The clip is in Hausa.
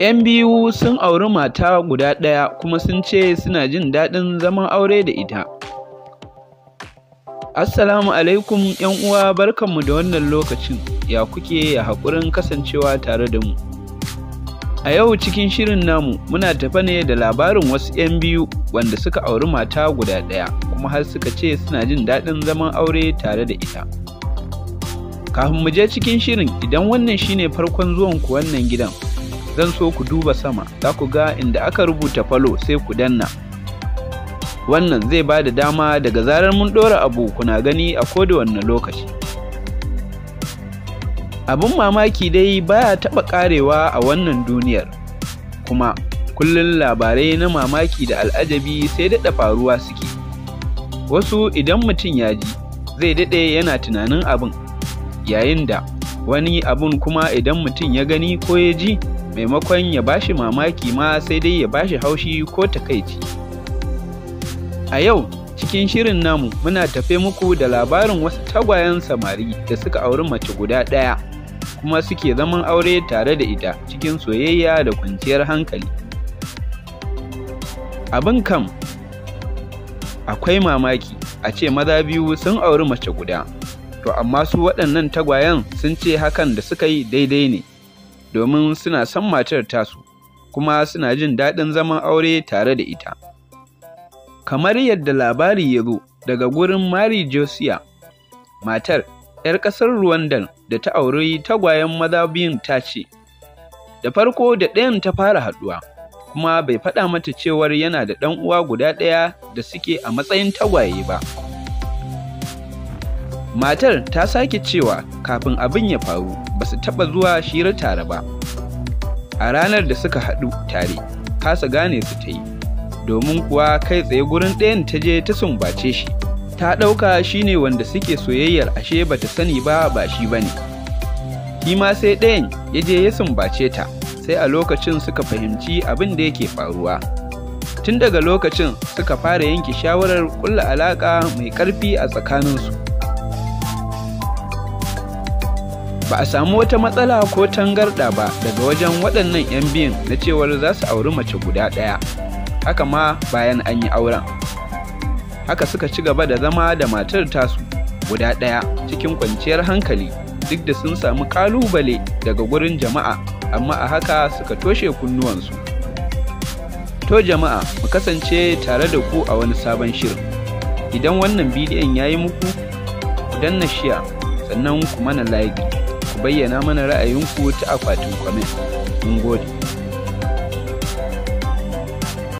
'Yan biyu sun auri mata guda ɗaya kuma sun ce suna jin daɗin zaman aure da ita. Assalamu alaikum yan uwa barkanmu da wannan lokacin, ya kuke ya haƙurin kasancewa tare da mu. A yau cikin shirin namu muna tafa ne da labarin wasu 'yan biyu wanda suka auri mata guda ɗaya kuma har suka ce suna jin daɗin zaman aure tare da ita. Kafin mu je cikin shirin idan wannan shine farkon zuwanku wannan gidan. zan so ku duba sama za ku ga inda aka rubuta falo sai ku danna wannan zai ba da dama daga zarar mun ɗora abu kuna gani a da wannan lokaci abin mamaki dai baya taɓa ƙarewa a wannan duniyar kuma kullum labarai na mamaki da al'ajabi sai daɗa faruwa suke wasu idan mutum ya ji zai daɗe yana tunanin abin yayin da wani abun kuma idan mutum ya gani ko ya ji maimakon ya bashi mamaki ma sai dai ya ba shi haushi ko takaici a yau cikin shirin namu muna tafe muku da labarin wasu tagwayen samari da suka auri mace guda ɗaya kuma suke zaman aure tare da ita cikin soyayya da kwanciyar hankali abin kam akwai mamaki a ce maza biyu sun auri mace guda to amma su waɗannan tagwayen sun ce hakan da suka yi daidai ne domin suna son matar tasu kuma suna jin daɗin zaman aure tare da ita kamar yadda labari ya zo daga gurin mari josiah matar 'yar ƙasar rwandan da ta auri tagwayen maza biyun ta ce da farko da ɗayan ta fara haɗuwa kuma bai faɗa mata cewar yana da ɗan uwa guda ɗaya da suke a matsayin tagwaye ba. matar ta sake cewa kafin abin ya faru ba su taɓa zuwa shirar tare ba a ranar da suka haɗu tare kasa gane su ta yi domin kuwa kai tsaye gurin ɗayan ta je ta sumbace shi ta ɗauka shi ne wanda suke soyayyar ashe ba ta sani ba ba shi ba ne shi ma sai ɗayan ya je ya sumbace ta sai a lokacin suka fahimci abin da yake faruwa tun daga lokacin suka fara yanke shawarar kulla alaƙa mai ƙarfi a tsakaninsu ba a samu wata matsala ko tangarɗa ba daga wajen waɗannan 'yan biyun na cewar za su auri mace guda ɗaya haka ma bayan an yi auren haka suka ci gaba da zama da matar tasu guda ɗaya cikin kwanciyar hankali duk da sun samu ƙalubale daga gurin jama'a amma a haka suka toshe kunnuwansu to jama'a mu kasance tare da ku a wani sabon shirin idan wannan bidiyon ya yi muku ku danna shiya sannan ku mana like bayyana mana ra'ayinku ta akwatin kwamin. Mun gode.